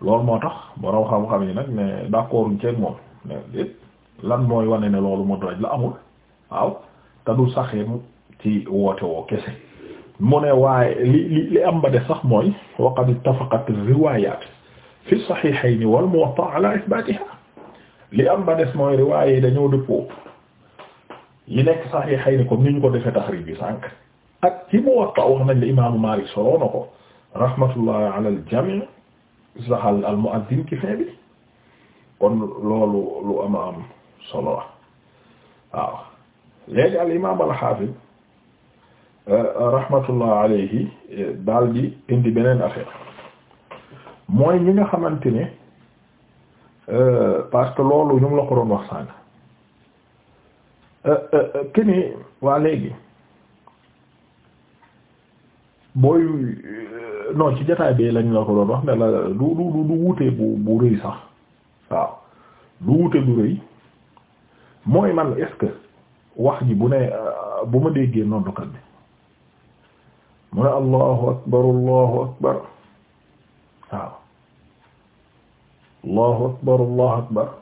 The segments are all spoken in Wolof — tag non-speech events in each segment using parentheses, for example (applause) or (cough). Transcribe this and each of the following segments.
lool moo tax borom xam-xam yi nag ne d'accorduñ ceeg moom ne lépp lan mooy wane ne loolu moo mudraj la amul waaw te du saxee ci woote woo kese mu ne waaye li li li am ba de sax mooy wa qad ittafaqat riwayat fi sahihayn wal muwatta ala ithbatiha li am ba des mooy riwaaye yi dañoo dëppoo yi nekk sahihayn comme ni ñu ko defee taxrib bi sànq ak ci muwatta wax nañ la imaamu Maalik solo na ko rahmatullah ala al jami' saxal al muazzin ci fin bi kon loolu lu ama am solo la waaw léegi al imaam al xaafid eh, rahmatullah alayhi eh, daal di indi beneen affaire mooy ñi nga xamante ni eh, parce que loolu ñu ngi la ko doon wax ki ni waa léegi booy non ci jotaay bi lañ la ko doon wax ne la du du du wuute bu bu rëy sax waaw du wuute bu rëy mooy man est wax ji bu ne euh, bu ma déggee noddukat bi mu ne allahu akbar allahu akbar waaw allahu akbar allahu akbar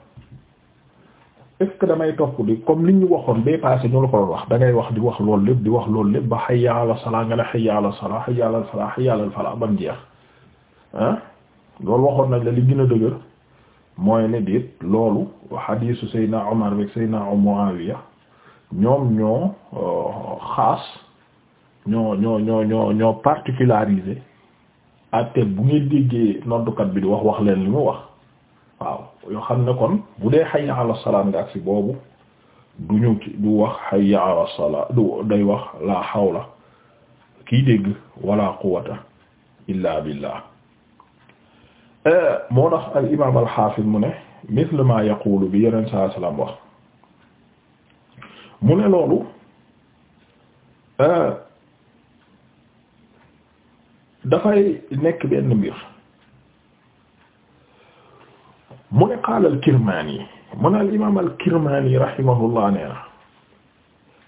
est-ce damay topp di comme li ñu waxoon bee passé ñu la ko wax da ngay wax di wax loolu lépp di wax loolu lépp ba hayya ala salaa nga ne hayya ala salaa hayya ala salaa hayya ala falaa bam jeex loolu waxoon nañ la li gën a dëgër mooy ne déet loolu hadiisu Seydina Omar beeg Seydina Muawiya ñoom ñoo euh, xaas ñoo ñoo ñoo ñoo ñoo particularisé àtte bu ngeen déggee noddukat bi di wax wax leen li mu wax. waaw yoo xam ne kon bu dee hayya ala salaat nga ak boobu du ñu du wax hayya ala salaat du day wax la hawla kii dégg wala quwwata illa billah euh, moo tax al imaam al mu ne misle ma yaqulu bi yeneen saa salaam wax mu ne loolu euh, dafay nekk benn mbir mu ne qaala al-Kirmaani mu ne al-imaam al-Kirmaani rahimahullah nee na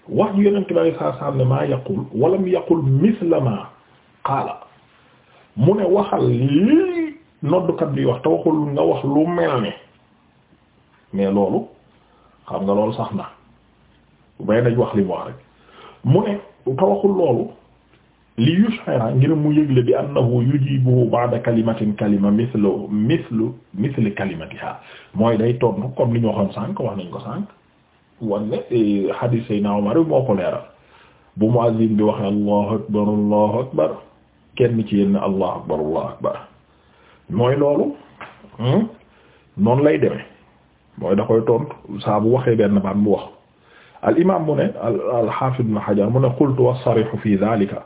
wax ju Yonent bi sallallahu alayhi wa sallam ne maa yaqul walam yaqul misla maa qaala mu ne waxal lii noddukat bi wax te waxul nga wax lu mel ne mais loolu xam nga loolu sax na bay nañ wax li mu wax rek mu ne te waxul loolu li yushira ngir mu yëgle bi annahu yujibuhu ba'da kalimatin kalima mithlu mithlu mithli kalimatiha mooy day tontu comme li ñu waxoon wax nañ ko sànq wanne eh, hadis sayna Umar moo ko leeral bu muazzin bi waxee allahu akbar allahu akbar kenn ci yéen allahu akbar allahu akbar mooy loolu hmm, noonu lay demee mooy da koy tontu saa bu waxee benn baat mu wax al imam mu ne al al haafid ibn Hajar mu ne qultu wa sarihu fi dhalika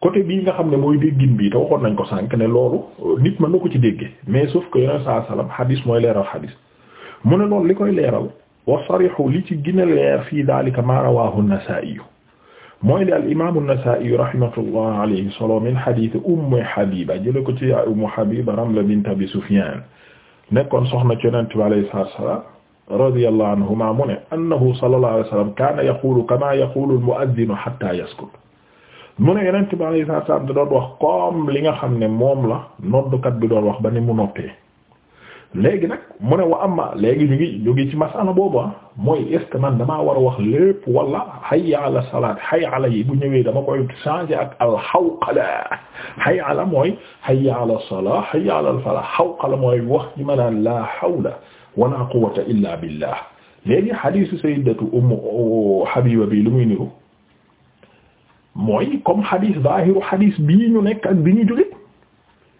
côté bii nga xam ne mooy déggin bii te waxoon nañ ko sànk ne loolu euh, nit mën na ko ci déggee mais sauf que yoneen saa salaam mooy leeral xadis mu ne loolu li koy leeral wa sarihu li ci gën a leer fii daalika maa rawaahu an-Nasaa'i mooy li al imaamu an-Nasaa'i rahmatullah alayhi solo min xadis Ummu Habiba jële ko ci Ummu Habiba Ramla bint Abi Sufyaan nekkoon soxna ci yonent bi alayhi salaam radiyallahu anhuma mu ne annahu sallallahu alayhi wa sallam kaana yaquulu kamaa yaquulu al-mu'adhdhinu hattaa mu ne yeneen ci bari saa saa da doon wax comme li nga xam ne moom la noddukat bi doon wax ba ne mu noppee léegi nag mu ne wa amma léegi ñu ngi ñu ngi ci masala boobu ah mooy est ce que man war a wax lépp wala hayya ala salaat hayya ala yi bu ñëwee dama koy changer ak alxawqala hayya ala mooy hayya ala salaat hayya ala alfalaah xawqala mooy wax ji ma naan laa hawla wala quwwata illa billah léegi hadiisu sayyidatu ummu Habiba bi lu muy niru mooy comme xadis zahiru xadis bii ñu nekk ak bi ñu jóge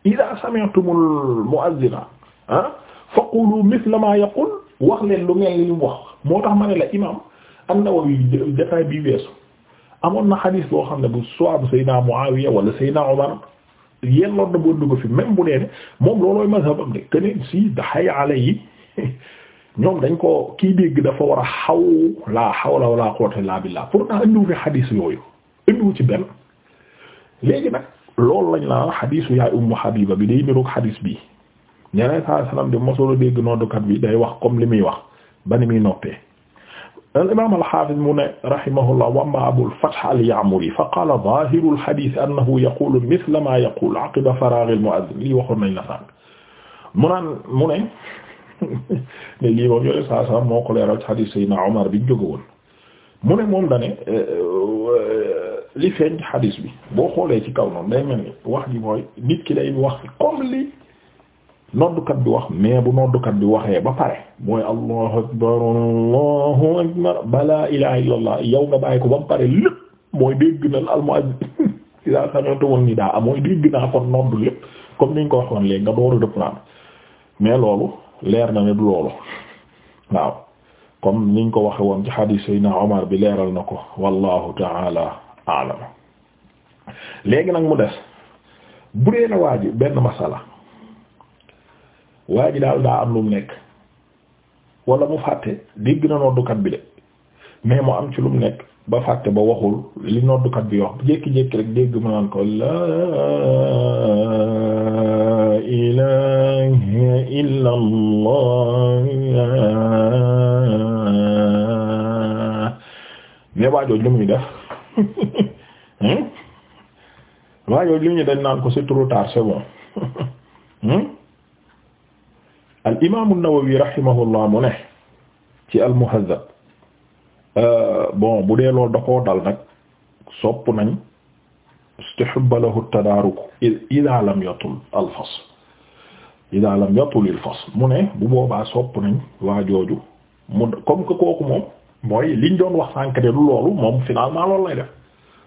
ida sami'tumul mu'azzina ah faqulu mithla ma yaqul wax leen lu mel li mu wax moo tax ma ne la imam an-Nawawi jataay bi weesu amoon na xadis boo xam ne bu soibu Seydina Muawiya wala Seydina Umar yelloon na boo dugg fi même bu deene moom loolooy mazhabam de keneen si daxay ale yi ñoom dañ ko kii dégg dafa war a xaw laa hawla wala quwwata illa billah pourtant andiwu fi xadis yooyu indiwu ci benn léegi nag loolu lañ la xadiisu yaay ummu Habiba bi day niroog xadiis bi ñeneen saa salaam de mosoo la dégg noddukat bi day wax comme li muy wax ba ni muy noppee. al imaam al xaafiz mu ne rahimahullah wa amma abul fath al ya'muri fa qaala zaahirul xadiis annahu yaqulu misla aqiba faraagil mu'azzin lii waxoon nañ la sànq mu naan mu ne (laughs) ne lii moom yore saa salaam moo ko li feeñ xadis bi boo xoolee ci kaw noonu day mel ni wax ji mooy nit ki lay wax comme li noddukat bi wax mais bu noddukat bi waxee ba pare mooy allahu akbar allahu akbar balaa ilaha illallah yow nga bàyyi ko ba mu pare lépp mooy dégg na la almuwaaj (laughs) si daa saxantuwul ni daa am ah mooy dégg naa kon noddu lépp comme ni ñu ko waxoon léegi nga dooru reprendre mais loolu leer na ne du loolu waaw comme niñ ko waxe woon ci xadiis Seydina Omar bi leeral na ko wallahu taala alam léegi nag mu des bu dee na waa ji benn masala waa ji daal daa am lu mu nekk wala mu fàtte dégg na noddukat bi de mais mu am ci lu mu nekk ba fàtte ba waxul li noddukat bi wax jékki-jékki rek dégg mu naan ko laa ilaaha illallaah mais waajoo lu muy def (laughs) Hmm? waaw yow li ñu dañ naan ko c'est trop tard c'est bon (laughs) hmm? al imaamu Nawawi rahimahullah mu ne ci al Muhazzab euh, bon bu dee loolu da dal nag sopp nañ istihaba lahu tadaaruk ida lam yatul al fasl ida lam yatul al fasl mu ne bu boobaa sopp nañ waa jooju mu comme kooku moom mooy liñ doon wax sànq de lu loolu moom finalement loolu lay def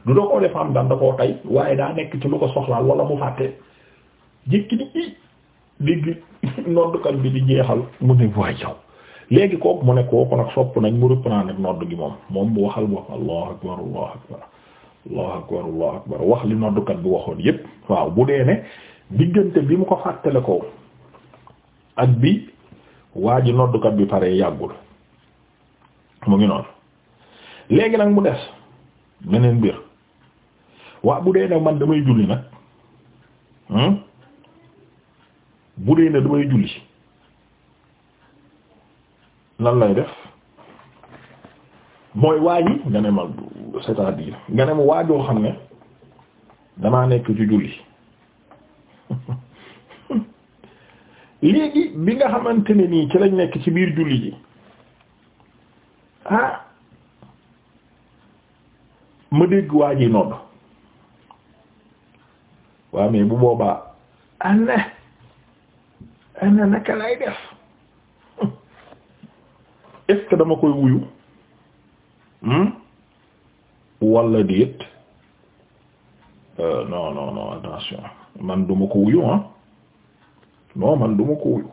du da koo def am daan da tey waaye daa nekk ci lu ko soxlaal wala mu fàtte jékki ni i dégg (laughs) noddukat bi di jeexal mu ne waay léegi kooku mu ne kooku nag sopp nañ mu reprendre nodd gi moom moom mu waxal wax allahu akbar allahu akbar allahu akbar allahu akbar wax li noddukat bi waxoon yépp waaw bu dee ne diggante bi mu ko fàttale ko ji noddukat bi pare yàggul mu ngi noonu léegi nag mu des meneen mbir waa bu dee nag man damay julli nag hmm? bu dee ne damay julli lan lay def mooy waaji nga ne ma c'est-à-dire nga ne ma waajoo xam ne damaa nekk ci julli (laughs) léegi bi nga xamante ne nii ci lañ nekk ci biir julli ji ah ma dégg waa ji nodd waa mais bu boobaa ana ana naka lay def (laughs) est dama koy wuyu hmm? walla déet euh, non non non attention man duma ko wuyu ah non man duma ko wuyu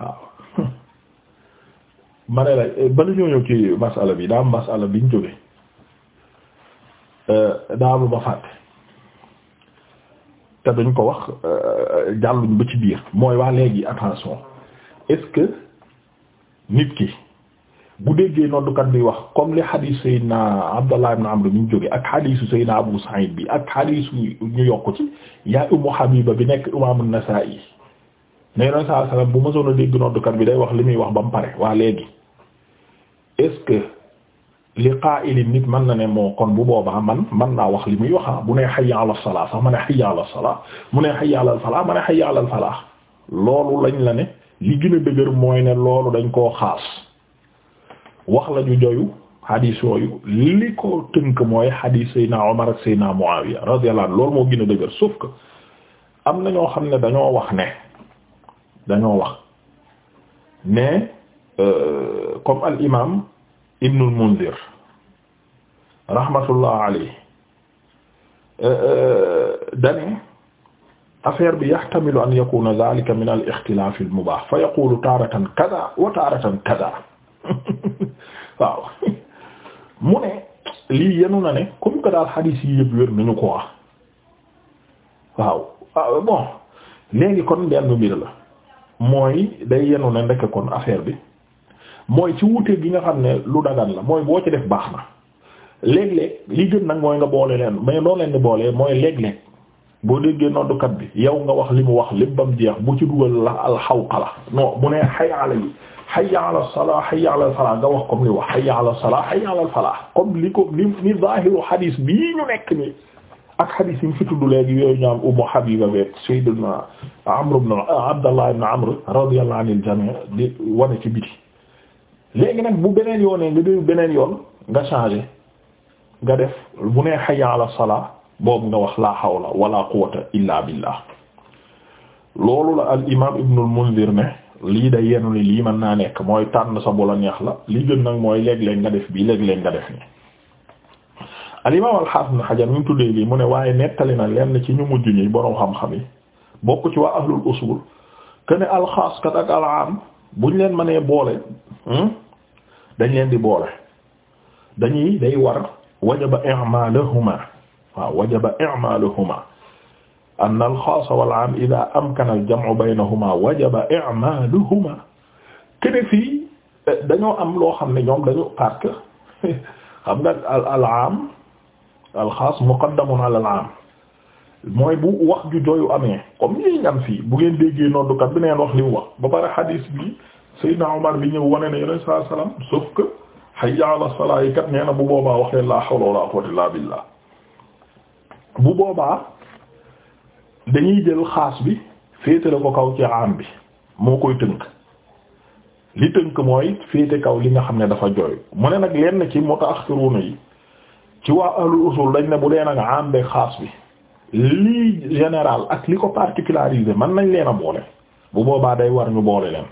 waaw ma ne la eh, bala ñoo ñëw ci masala bi daa am masala biñ jóge eh, daa am ma fàtte te duñ ko wax eh, jàlluñ ba ci biir mooy waa léegi attention est que nit ki bu déggee noddukat bi wax comme li xadiis Seydina Abdallah ibn Amr biñ jóge ak xadiisu Seydina Abu Sa'id bi ak xadiisu ñu yokk ci yaa Ummu Habiba bi nekk imaamu nasaa nee na saa salaam bu ma soon a dégg noddukat bi day wax li muy wax ba mu pare waa léegi est-ce li qaa'ilin nit mën na ne moo kon bu boobaa man man naa wax li muy wax bu nee hayya ala salaa sax ma ne hayya ala salaa mu ne hayya ala falaa ma ne hayya ala falaa loolu lañ la ne li gën a dëgër mooy ne loolu dañ koo xaas wax la ñu joyu xadiis yooyu li ko tënk mooy xadiis Seydina Omar ak Seydina Muawiya radiyallahu anhu loolu moo gën a dëgër sauf que am na ñoo xam ne dañoo wax ne dañoo wax ne. Euh, comme al imaam Ibnul Munzir rahmatullah alayhi euh, euh, dane affaire bi yahtamilu an yakuna dhalika min al ixtilaaf al mubaah fa yaqulu taaratan kaza wa taaratan kaza (laughs) waaw (laughs) yenu na ne comme que daal xadiis yi nañu ko wax ah, bon léegi kon benn mbir la mooy day yenu ne ndekk kon affaire bi mooy ci wutee gi nga xam ne lu dagan la mooy boo ci def baax na léeg-léeg li gën nag mooy nga boole leen mais noo leen di boolee mooy léeg-léeg boo déggee noddukat bi yow nga wax li mu wax lépp bam jeex bu ci dugal la alxawqa la non bu nee hayya yi hayya ala salaa hayya ala salaa nga wax kom li wax hayya ala salaa hayya ala falaa comme li ko li ni zahiru hadis bii ñu nekk nii ak hadis yi ñu fi tudd léegi yooyu ñu am Ummu Habiba beeg Sayyidina Amr ibn Abdallah ibn Amr radiyallahu anil jami' di wane ci biti léegi nag bu beneen yoonee nga déglu beneen yoon nga changé nga def bu nee hayya ala salaa boobu nga wax la hawla wala quwwata illa billah loolu la al imaam Ibn al-Munzir ne lii day yenu ni lii mën naa nekk mooy tànn sa bolo la neex la li gën nag mooy léeg-léeg nga def bii léeg-léeg nga def nii. al imaam al-Hafiz Ibn Hajar mi mu tuddee lii mu ne waaye nettali na lenn ci ñu mujj ñi borom xam-xam yi bokk ci waa ahlul usul que ne alxaas kat ak al aam buñ leen mënee boole. Hmm? dañ leen di boole dañuy day war wajaba i'maluhuma waaw wajaba i'maluhuma anna al-xaas wal-aam idaa amkana al-jam'u baynahuma wajaba i'maluhuma kene fii dañoo am loo xam ne ñoom dañu parce que xam nga al-aam al-xaas muqaddamun ala al-aam mooy bu wax ju jooyu amee comme ñi ngam fii bu ngeen déggee noddukat bi neen wax li wax ba pare xadiis bi Seydina Omar bi ñëw wone ne yeneen saa salaam sauf que hayya ala salaa yi kat nee bu boobaa wax leen laa hawla wala quwwata illa billah bu boobaa dañuy jël xaas bi féetale ko kaw ci am bi moo koy tënk li tënk mooy féete kaw li nga xam ne dafa jooy mu ne nag lenn ci mutaaxiruna yi ci waa ahlul usul dañ ne bu dee nag am beeg xaas bi lii général ak li ko particularisé mën nañ leen a boole bu boobaa day war ñu boole leen.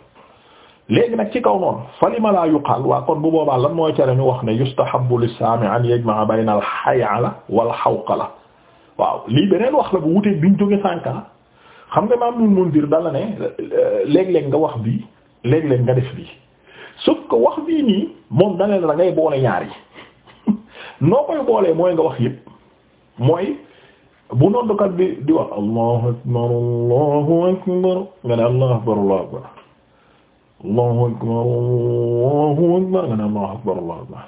léegi nag ci kaw noonu falima laa yuqaal waa kon bu boobaa lan mooy cere ñu wax ne yustahabbu lissaami an yajma'a bayna al-hay'ala wal hawqala waaw lii beneen wax la bu wuteeg biñ jóge sànka ah. xam nga maam nun Mundir dala ne léeg-léeg nga wax bi léeg leen nga def bii sauf que wax bii nii moom dana la ngay boole ñaar yi (laughs) noo koy boolee mooy nga wax yëpp mooy bu noddukat bi di wax allahu akbar allahu akbar nga ne akbar allahu akbar allahu akbar allahu akbar nga ne allahu akbar allahu akbar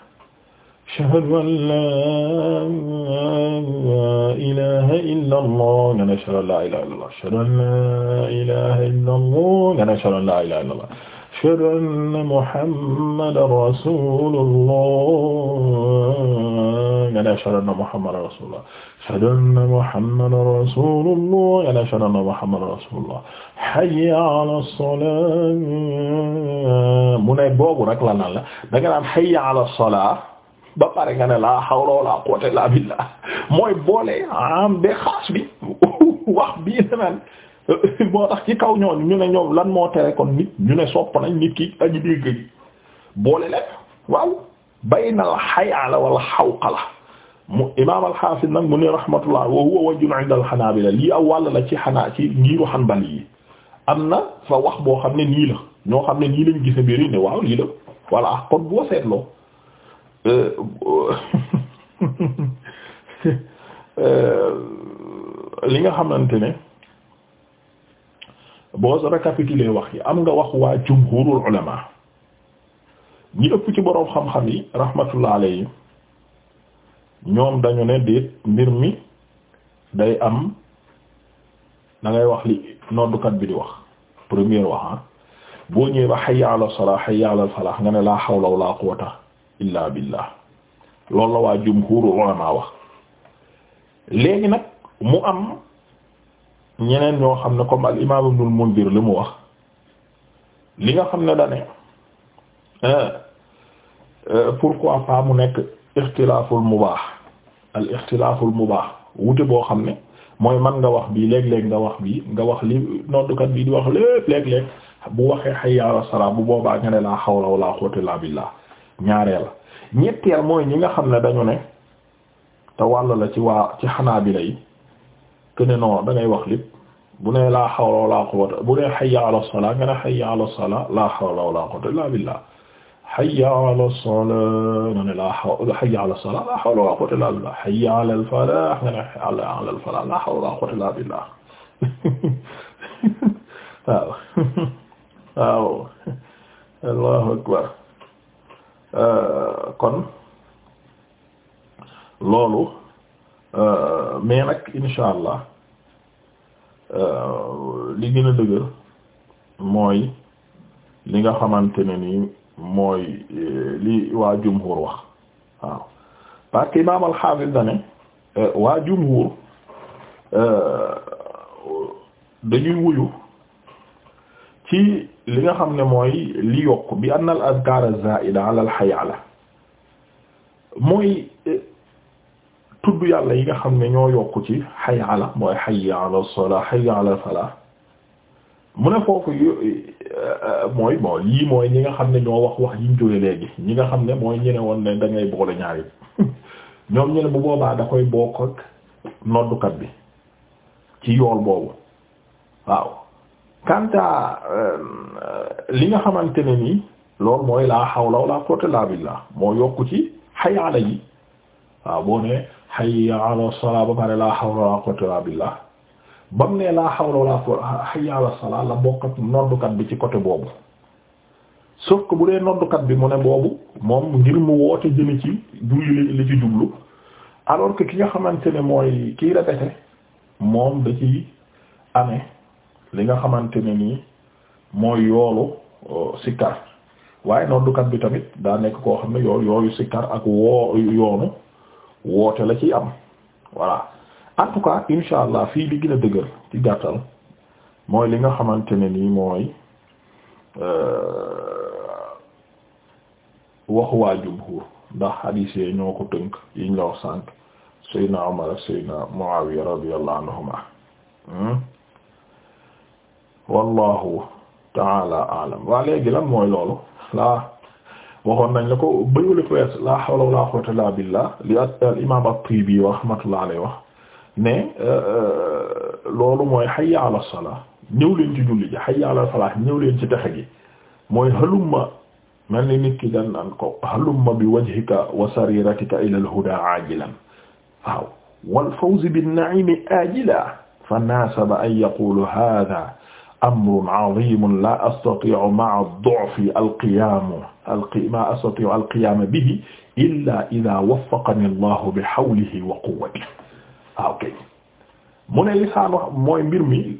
ashhadu an laa ilaaha illa allah nga ne ashhadu an laa ilaaha illa allah ashhadu an laa ilaaha illa allah nga ne ashhadu an laa ilaaha illa allah ashhadu anna muhammadan rasulullah nga ne ashhadu anna muhammadan rasulullah ashhadu anna muhammadan rasulullah nga ne ashhadu anna muhammadan rasulullah hayya ala salaa mu ne boobu rek la nan la da nga naan hayya ala salaa ba pare nga ne la hawla wala quwwata illa billah mooy boole am be xaas bi wax bi naan (laughs) moo tax ci kaw ñooñu ñu ne ñoom lan moo tere kon nit ñu ne sopp nañ nit ki ak dégg ji boole lépp waaw bayna al xayaa la wala xawqa la mu imaam alxaafis nag mu ne rahmatullah wa huwa wajhun aw wàll la ci xanaa ci ngiiru xanbali yi am na boo xam ne nii ñoo xam ne nii lañ gis mbir yi ne waaw lii la voilà kon boo seetloo euh, (laughs) euh, li nga xamante ne boo récapitulé wax yi am nga wax waa jumhurul ulama ñi ëpp ci boroom xam-xam yi rahmatullah alayhi ñoom dañu ne déet mbir mi day am da ngay wax li noddukat bi di wax première wax ah boo ñëwee ba hayya ala salah hayya ala falah nga ne la hawla wala quwwata illa billah loolu la waa jumhurul ulama wax léegi nag mu am ñeneen ñoo xam ne comme al imaam ibnul mundir li mu wax li nga xam ne dane euh, pourquoi pas mu nekk ixtilaaful mubaax al ixtilaaful baax wute boo xam ne mooy man nga wax bii léeg-léeg nga wax bii nga wax li noddukat bii di wax lépp léeg-léeg bu waxee hayya ala salaa bu boobaa nga ne laa hawla wala quwwata illa la ñett ñetteel mooy ñi nga xam ne dañu ne te wàll la ci waa ci xanaabila yi que ne non da ngay wax lépp bu nee laa hawla wala quwwata bu nee hayya ala salaa nga ne hayya ala salaa laa hawla wala quwwata illa billah hayya ala salaa nga ne laa hawla hayya ala salaa laa hawla wala quwwata illa billah hayya ala al falaah nga ne hayya ala al falaah laa hawla wala quwwata illa billah (laughs) waaw (laughs) waaw allahu akbar euh, kon loolu Euh, mais nag insha allah euh, li gën a dëgër mooy li nga xamante ne nii mooy euh, li waa jumhur wax waaw parce que imaam al-Hafiz dane waa jumhur dañuy wuyu ci li nga xam ne mooy li yokk bi anna al azkar zaida ala al hayala mooy tudd yàlla yi nga xam ne ñoo yokk ci hayya ala mooy hayya ala salaa hayya ala falaa mu ne foofu e, e, e, mooy bon lii mooy ñi nga xam ne ñoo wax wax yi ñu jóge léegi ñi nga xam ne mooy ñene woon ne da ngay boole ñaari (laughs) ñoom ñu ne bu boobaa da koy bokk noddukat bi ci yool boobu waaw kanta li nga xamante ne nii loolu mooy laa hawla wala quwwata illa billah moo yokku ci hayya ala yi waaw boo ne hayya ala ba pare laa xaw wala quwwata illa billah ba mu ne laa hawla wala quwwata hayya ala la bokkat noddukat bi ci côté boobu sauf que bu dee noddukat bi mu ne boobu moom ngir mu woote jëme ci li ci jublu alors que ki nga xamante ne mooy kii répété moom da ci amee li nga xamante ne nii mooy yoolu euh, sikkar waaye noddukat bi tamit daa nekk koo xam ne yoolu yooyu sikkar ak woo yoonu woote la ci am voilà en tout cas insha allah fii li gën a dëgër ci gàttal mooy li nga xamante ne nii mooy euh, waxu waa jumhur ndax hadis yi ñoo ko tënk yiñ la wax sànq Seydina Umar ak Seydina Muawiya radiyallahu anhuma hmm? wallahu taala alam waa léegi lan mooy loolu laa waxoon nañ la ko bëriwul ak wees la hawla wala quwwata illa billah li al imaam at-Tibi wa rahmatullah alayhi wax ne euh, euh, loolu mooy hayya ala salah ñëw leen ci julli ji hayya ala salah ñëw leen ci texe gi mooy halumma mel ni nit ki dan naan ko halumma bi wajhika wa sariratika ila al-huda ajilan waaw wal fawzi bin na'imi ajila fa naasaba an yaqulu hadha amrun azimun la astati'u ma'a ad-du'fi al-qiyaama maa astati'u al-qiyaama bihi illaa idhaa waffaqani Allahu bi hawlihi wa quwwatihi waaw ah, kay mu ne lisaan wax mooy mbir mi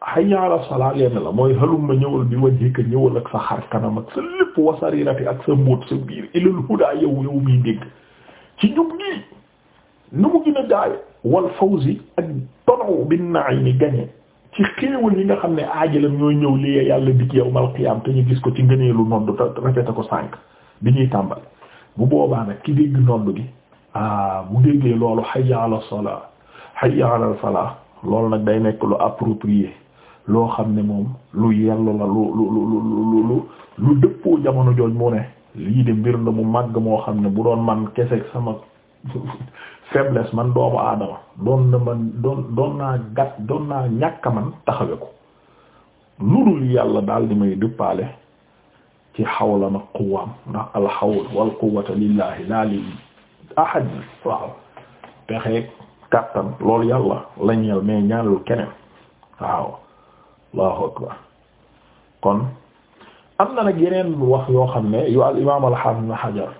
hayya ala salaa leen la mooy halumma ñëwal bi wajhika ñëwal ak sa xar kanam ak sa lépp wa sariirati ak sa mbóot sa biir ilal hudaa yow yow miy dégg ci njub gi nu mu gën a gaawe wal fawzi ak tonaw bin na'iim gañe ci xéewal yi nga xam ne aajalam ñooy ñëw li yàlla dig yawmal qiyaam te ñu gis ko ci ngëneelu nodd te rafete ko sànq bi ñuy tàmbal bu boobaa nag ki dégg nodd gi ah bu déggee loolu hayya ala salaa hayya ala salaa loolu nag day nekk lu approprié loo xam ne moom lu yellu la lu lu lu lu lu dëppoo jamono jooj mu ne lii de mbir la mu màgg moo xam ne bu doon man kese sama (laughs) faiblesse man doomu aadama doon na man doon doon naa doon naa ñàkk man taxawe ko lu dul yàlla daal di may duppaale ci xawla na quwaam ndax alxawl wal quwwata lillahi laa li ahad waaw pexeeg kàttan loolu yàlla lañ ñeel mais ñaanul keneen waaw allahu akbar kon am na nag yeneen wax yoo xam ne yu al imaam al-Hafiz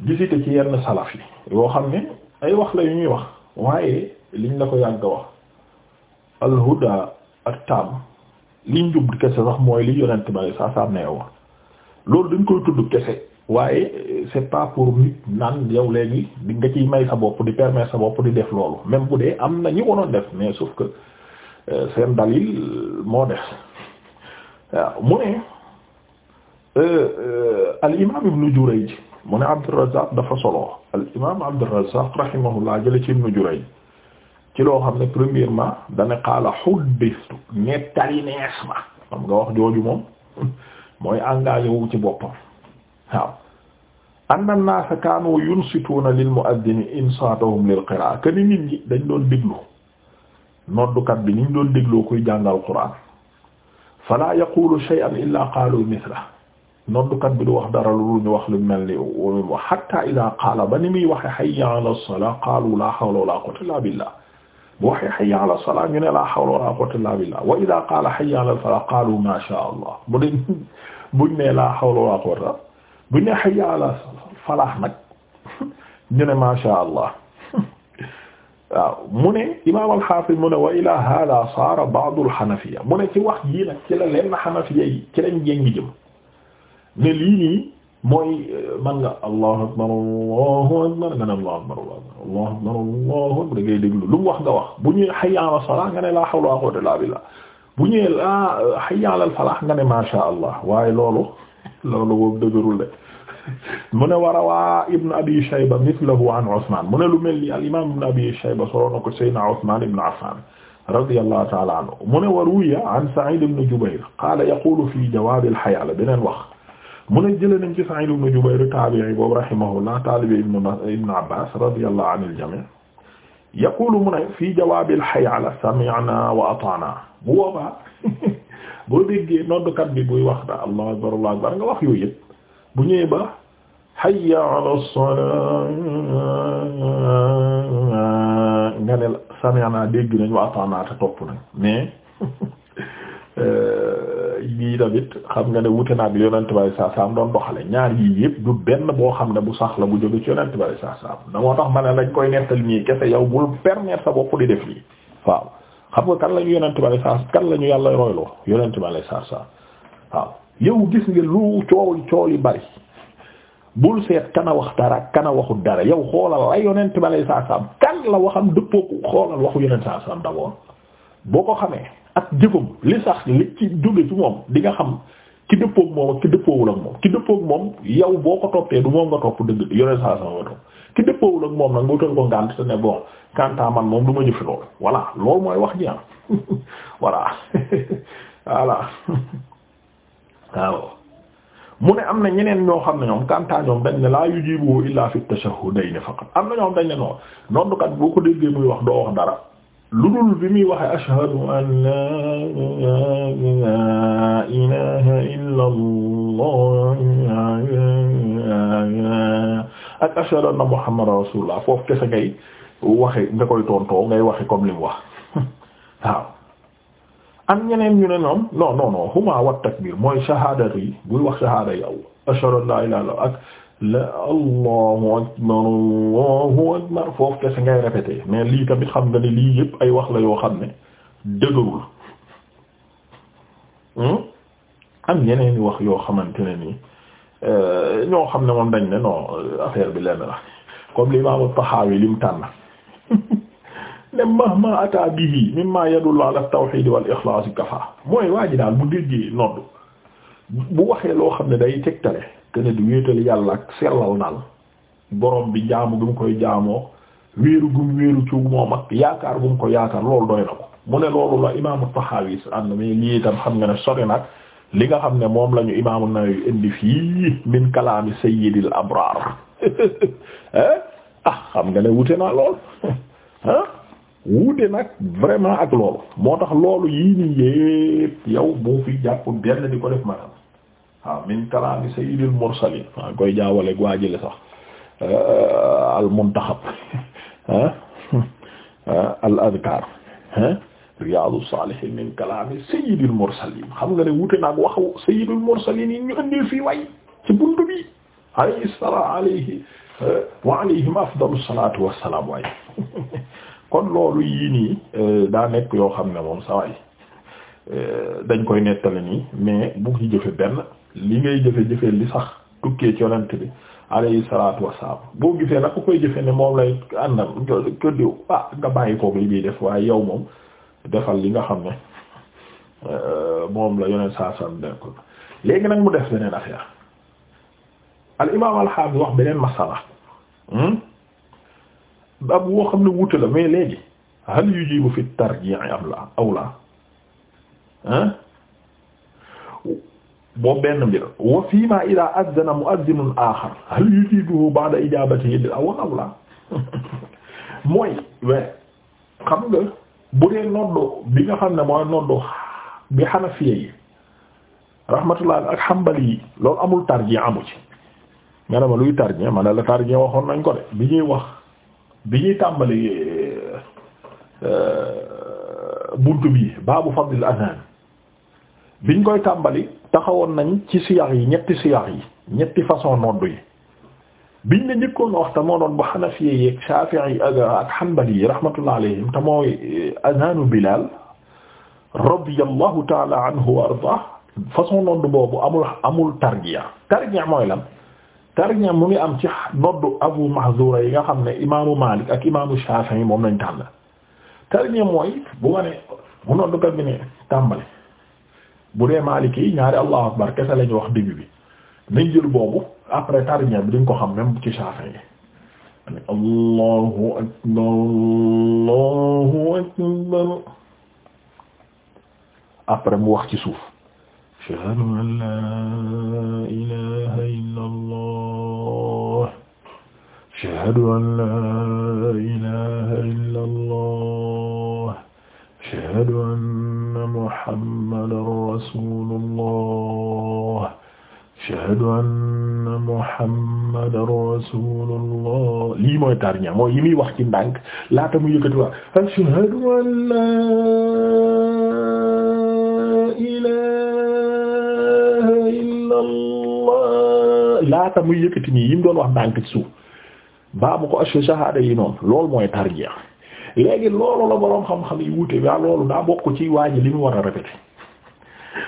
gisite ci yenn salaf yi yoo xam ne ay wax la yu ñuy wax waaye liñ la ko yàgg a wax alhuda ak tam liñ jub kese sax mooy li yonent bari saa am nee yow loolu dañ koy tudd kese waaye c'est pas pour nit naan yow léegi di nga ciy may sa bopp di permettre sa bopp di def loolu même bu dee am na ñi ko def mais sauf que euh, seen dalil moo def waaw mu ne Euh, euh, al imaam Ibn Jurayj mu ne Abdurrazzaq dafa solo al imaam Abdurrazzaq rahimahullah jële ci Ibn Jurayj ci loo xam ne premièrement dana qaala huddistu nettali nees ma xam nga wax jooju moom (laughs) mooy engagé wu ci boppam waaw anna an-naasa kaanu yunsituuna lil mu'addini insaatahum lil qira'a que ni nit ñi dañ doon déglu noddukat bi ni ñu doon dégloo kuy jàngal Qur'aan falaa yaqulu shay'an illaa qaalu mithlahu noddukat bi du wax dara lu ñu wax lu mel ni wax hatta ida qaala ba ni muy waxe hayya ala salaa qaalu la hawla wala quwwata illa billah bu waxe hayya ala salaa ñu ne la hawla wala quwwata illa billah wa ida qaala hayya ala salaa qaalu ma sha allah bu dee (laughs) buñ ne la hawla wala quwwata buñ ne hayya ala falaax nag (laughs) ñu ne ma sha allah (laughs) waaw mu ne imaam al-Hafiz mu ne wa ila hada saara ba'd al-Hanafiya mu ne ci wax jii nag ci la leen Hanafiya yi ci lañ jéngi jëm ne lii nii mooy man nga allahu akbar allahu akbar nga ne allahu akbar allahu akbar allahu akbar da ngay déglu lu mu wax nga wax bu ñuy hayya ala salah nga ne laa hawla wala quwwata illa billah bu ñuy laa hayya ala falah nga ne ma sha allah waaye loolu loolu boobu dëgërul de mu ne war a waa Ibn Abi Shayba mithlahu an Usman mu ne lu mel ni al imam Ibn Abi Shayba soloo na ko Seydina Usman ibn Affan radiyallahu ta'ala anhu mu ne wa ruwiya an Sa'id ibn Jubayr qala yaqulu fi jawab al hayya la beneen wax mu ne jëlee nañ ci Sa'id ibn Jubayr taabi'i boobu rahimahullah taalibi ibn Abbas radiyallahu anil jami' yaqulu mu ne fii jawaabil hayya ala sami'na wa ata'na bu boobaa (laughs) boo déggee noddukat bi buy wax da Allahu akbar Allahu akbar nga wax yooyu yëpp bu ñëwee ba hayya ala salaa nga ne sami'na dégg nañ wa ata'na te topp nañ mais (laughs) euh, yii tamit xam nga ne wute na ak yonent bari saa saam doon doxale ñaar yii yëpp du benn boo xam ne bu sax la bu jóge ci yonent bari saa saam da moo tax ma ne lañ koy nettali nii kese yow bul permettre sa bopp di def lii kan la ñu yonent bari kan la ñu yàlla royloo yonent bari saa saam waaw yow gis nga lu yi bari bul seet kana wax dara kana waxu dara yow la yonent bari saa saam la waxam dëppoo xoolal waxu yonent saa boo ko xamee. ak jëfam li sax li ci jóge ci moom di nga xam ki dëppoog moom ak ki dëppoowul moom ki dëppoog moom yow boo ko toppee du moom nga topp dëgg yoneen saa sama nga ki dëppoowul moom nag moo wutal ko ngànt te ne bon kanta man moom du ma jëfi loolu voilà loolu mooy wax ji ah. (laughs) voilà (laughs) voilà (laughs) waaw mu ne am na ñeneen ñoo xam ne ñoom kanta ñoom dañ ne laa yujibu illaa fi tashahhudayn faqat am na ñoom dañ ne noonu noddukat boo ko déggee muy wax doo wax dara lu dul bi muy waxe ashhadu an la ilaha illa allah ak ashhadu anna muhammadan rasulullah foofu kese ngay waxe nga koy tontoo ngay waxe comme li mu wax (laughs) waaw am ñeneen ñu ne ñoom non non non huma wat takbir mooy shahadati buy wax shahada yow ashhadu an la ilaha illa ak la allahu akbar allahu foofu kese ngay répété mais lii tamit xam nga ne lii yëpp ay wax la yoo xam ne dëgërul hmm? am yeneen i wax yoo xamante ne nii euh, ñoo xam ne moom dañ ne non affaire bi lenn la comme l'imam Tahawi lim tànn (laughs) ne mahma ata bihi mimma yadullu ala at-tawhid wal ikhlas kafa mooy waa daal bu déggee nodd bu waxee loo xam ne day tegtale ne di wéetal yàlla ak sellal daal borom bi jaamu bi mu koy jaamoo wéeru gum wéeru ci moom ak yaakaar gum ko yaakaar loolu doy na ko mu ne loolu la imaamu Tahawi ànd mais lii itam xam nga ne sori nag li nga xam ne moom la ñu imaamu Nawawi indi fii min kalaami sayyidil abraar (laughs) eh? ah xam nga ne wute na lool (laughs) ah wuute nag vraiment ak loolu moo tax loolu yii nii yépp yow boo fi jàpp benn di ko def maanaam waaw min kalaami sayyidil mursalin waaw koy jaawale waa jële sax euh, al muntaxab (laughs) (laughs) al adkaar riyaadu saalihiin min kalaami sayyidil mursalin xam nga ne wuute naag waxu sayyidil mursalin yi ñu andi fii way ci buntu bi alayhi salaam alayhi euh, wa alayhim afdalu salaatu salaam waay (laughs) kon loolu yii nii euh, daa nekk yoo xam ne moom sa waay dañ koy nettali nii mais bu ci jëfe benn li ngay jëfe jëfe li sax tukkee ci yonent bi alayhi salaatu wassalaam boo gisee nag ku koy jëfe ne moom lay àndal ko diw ah nga bàyyi koog li muy def waaye yaw moom defal li nga xam ne euh, moom la yonent saa san denk léegi nag mu def beneen affaire al imaam al hafiz wax beneen masala hmm? ab woo xam ne wute la mais léegi hal yujibu fi tarji'i am la aw la boobu benn mbir wa fiima ida addana muadzinun axar hal yujibuhu ba'da ijabatihi lil awwal aw la (laughs) mooy we xam nga bu dee noddu bi nga xam ne mooy noddu bi xanafiya yi rahmatullah ak xambali yi loolu amul tarji amu ci nga ne ma luy tarji ma la tarji waxoon nañ ko de bi ñuy wax bi ñuy tàmbali euh, euh, buntu bi baabu fadlil adhan biñ koy tàmbali taxawoon nañ ci siyaar yi ñetti siyaar ñetti façon noddu yi biñ la njëkkoon wax te moo doon ba xanafiye yeeg shafi'i ak hanbali yi rahmatullah alayhim te mooy eh, azanu bilal radiyallahu taala anhu wa ardah façon noddu boobu amul amul tarjiya tarjiya mooy lan mu ngi am ci noddu abu mahzura yi nga xam ne imaamu malik ak imaamu shafi'i moom lañ tànn tarjiya mooy bu ma ne bu noddukat bi ne tàmbali bu dee Maliki yi ñaari allahu akbar kese lañu wax début bi nañ jël boobu après tarinière bi dañ ci Shafi'i yi ani allahu akbar allahu akbar après mu wax ci suuf muhammadan rasulullah ashhadu anna muhammadan rasulullah lii mooy tarña mooy yi muy wax ci ndànk laata mu yëkkati wax ashhadu an laa ilaha illa allah laata muy yëkkati nii yi mu doon wax ndànk ci suuf baa mu ko ashhadu shahaada yi noonu loolu mooy tarña léegi loolu la boroom xam-xam yi wuute waa loolu daa bokku ci waa ji li mu war a répété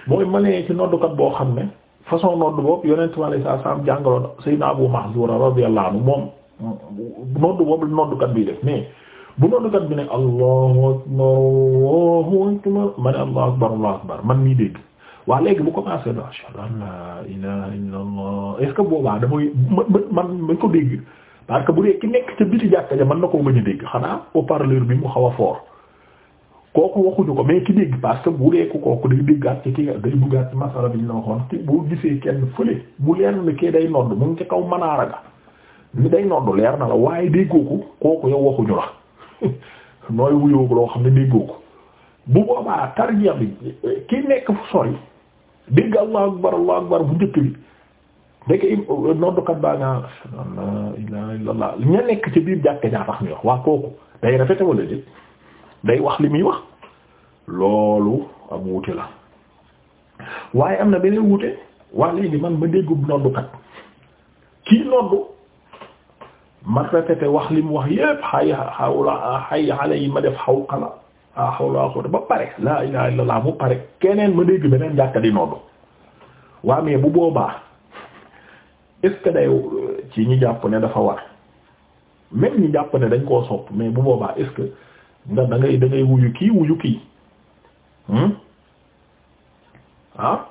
mooy ma nee ci boo xam ne façon nodd boobu yonent mi alayhi salaam jàngaloon Sayyidina Abu Mahzura radiyallahu anhu moom nodd boobu noddukat bi mais bu noddukat bi ne allahu akbar allahu akbar ma ne allahu akbar allahu akbar man mii dégg waa léegi bu ko do ashhadu an la ilaha illa allah est-ce que boobaa damay man man ko dégg parce que bu dee ki nekk ca biti jàkka ja man na koo gën a dégg xanaa haut bi mu xaw a fort kooku waxuñu ko mais ki dégg parce que bu dee ko kooku day déggaat ci ki day duggaat ci masala bi ñu la waxoon ki boo gisee kenn fële mu leer na kii day nodd mu ngi ci kaw manaara ga ni day nodd leer na la waaye déggoo ko kooku yow waxuñu la (laughs) nooy wuyoo ko loo xam ne déggoo ko bu boobaa tarjiya bi ki nekk fu sori dégg allahu akbar allahu akbar bu njëkk bi ndeke noddukat baa nga la ilaha illallah ña nekk ci biir jàkke ñaa tax ñu wax waa kooku day rafete wala déet day wax li muy wax loolu am wuute la waaye am na beneen wuute waa léegi man ma déggub noddukat kii noddu man rafete wax li mu wax yépp xay xawla xay xale yi ma def xawqala a xawla xawla ba pare la ilaha illallah mu pare keneen ma dégg beneen jàkka di noddu waa mais bu boobaa est-ce que day ci ñi jàpp ne dafa war même ñi jàpp ne dañ koo sopp mais bu boobaa est que nga da ngay da ngay wuyu kii wuyu kii hmm? ah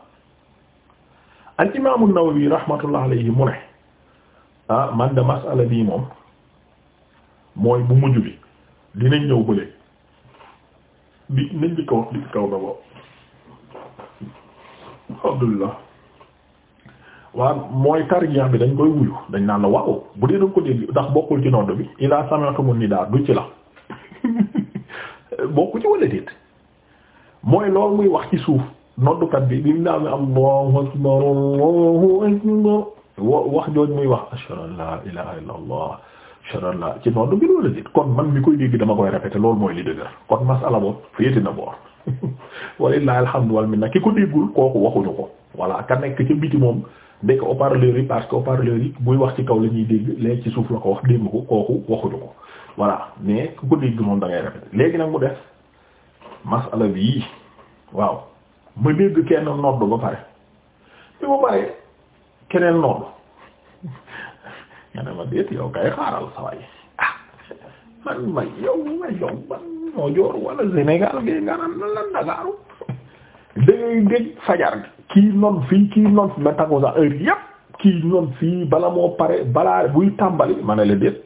al imaamu Nawawi rahmatullah alayhi mu ne ah masala bii moom mooy bu mujj bi dinañ ñëw bële bi nañ di ko wax kaw na boobu alhamdulillah waaw mooy tarjih bi dañ koy wuyu dañ naan la waaw bu dee danga ko dégg ndax bokkul ci nodd bi ila sami'tumun nidaa du ci la (laughs) bokku ci wala déet mooy loolu muy wax ci suuf noddukat bi bi mu daal am allahu akbar wax jooj muy wax ashhadu an la ilaha illa allah ashhadu an la ci nodd bi wala déet kon man mi koy dégg dama koy répéter loolu mooy li dëgër kon masala boobu féeti na boor (laughs) walillahi alhamdu wal minna ki ko déggul kooku waxuñu ko voilà ka nekk ca biti moom dëkk haut-parleur yi parce que haut-parleur yi buy wax ci kaw la ñuy dégg léegi ci suuf la ko wax dégg ko kooku waxuñu ko voilà mais ku ko dégg moom da ngay répété léegi nag mu def masala bi waaw ma dégg kenn nodd ba pare te ba pare keneen nodd (laughs) nga ne ma déet yow kay xaaral saway ah man may yow may yow man moo joor Sénégal ngay nga naan lan Ndakaaru da ngay dégg fajar kii noon fii kii noon fi ba tàggoo sax heure fii bala moo pare balaa buy tàmbali ma ne la déet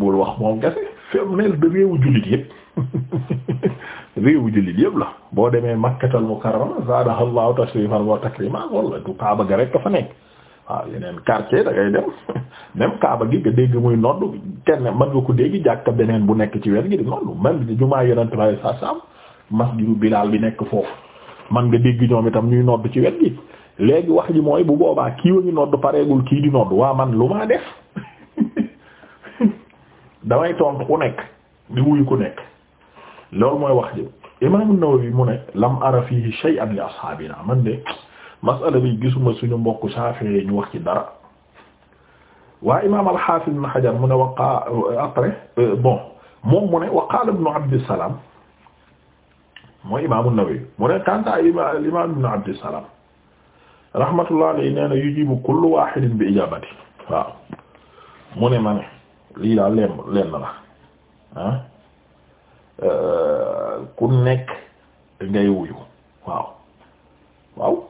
bul wax moom gese fem neel de réewu yëpp (laughs) la boo demee makkatal mukarrama zaadahallahu tashrifan wa takrima walla du kaaba ga rek fa nekk waaw yeneen da ngay dem (laughs) même kaaba gi nga dégg muy nodd kenn mën nga ko dégg jàkka beneen bu nekk ci wet gi di nodd même jumaa yonent baay saa saam masjidu bilaal bi nekk foofu man nga dégg ñoom itam ñuy nodd ci wet gi léegi wax ji mooy bu boobaa kii wa ngi nodd pareegul kii di nodd waa man lu maa def (laughs) damay tontu ku nekk di wuyu ku nekk loolu mooy wax ji imam an-Nawawi mu ne lam ara sey shay'an li ashaabina man de masala bi gisuma suñu mbokk Shafi'i ñu wax ci dara waa imam al-Hafiz ibn mu ne waqa après euh, bon moom mu ne wa qaala ibn mooy imaam an-Nawawi mu ne kanta imaam ibn Abdissalaam rahmatullah alayhi nee na yujibu kullu waahidin bi ijaabati mu ne ma lii daal leen leen la ah euh, ku nekk waaw